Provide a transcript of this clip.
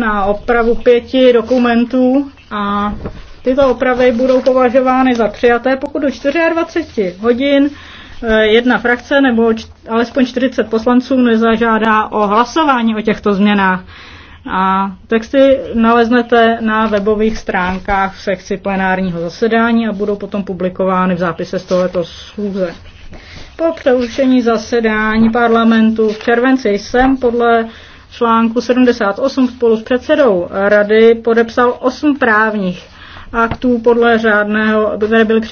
na opravu pěti dokumentů a tyto opravy budou považovány za přijaté, pokud do 24 hodin eh, jedna frakce nebo alespoň 40 poslanců nezažádá o hlasování o těchto změnách. A texty naleznete na webových stránkách v sekci plenárního zasedání a budou potom publikovány v zápise z tohoto schůze. Po přerušení zasedání parlamentu v červenci jsem podle článku 78 spolu s předsedou rady podepsal osm právních aktů podle řádného, které byly přijaty